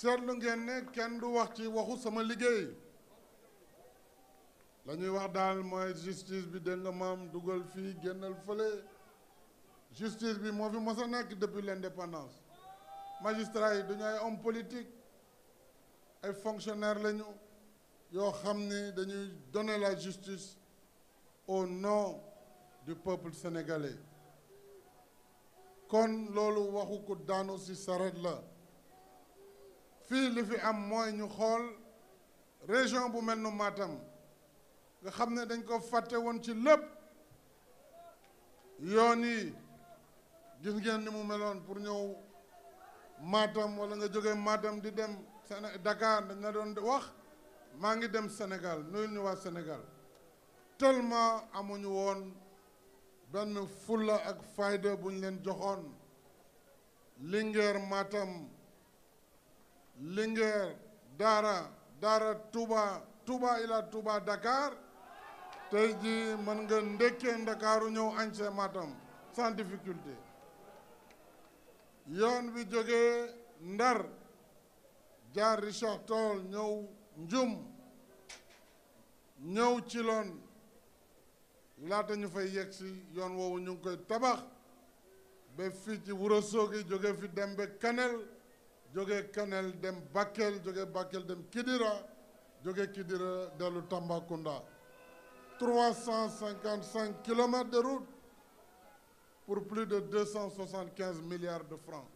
seetlu ngeen ne kenn du wax ci waxu sama liggéey la ñuy wax daal mooy justice bi dégg nga maam dugal fii génnal fële justice bi moo fi mos a nekk depuis l'indépendance magistrats yi duñu ay homme politique ay fonctionnaires lañu yoo xam ni dañuy donner la justice au nom du peuple sénégalais kon loolu waxu ko daanu ci saret la fii li fi am mooy ñu xool région bu mel nu Matam nga xam ne dañ ko fàtte woon ci lëpp yoon yi gis ngeen mu meloon pour ñëw Matam wala nga jógee Matam di dem Séné Dakar dañ la wax maa ngi dem senegal nuyul ñu waa Sénégal tellement amuñu woon benn fulla ak fayda bu ñu leen joxoon Linguère Matam Linguère Daara Daara tuuba Touba ila Touba Dakar tey jii mën nga ndékkee Ndakaaru ñëw añ see Matam sans difficulté yoon wi jógee Ndar jaar Richard ñëw Njum ñëw ciloon loon laata ñu fay yegg si yoon woowu ñu ngi koy tabax ba fii ci Wuro Sogi jóge fi dem ba Kanel jóge Kanel dem Bakel jóge Bakel dem Kidira jóge Kidira dellu Tambacounda trois cent cinquante cinq kilomètres de route pour plus de deux cent soixante quinze milliards de francs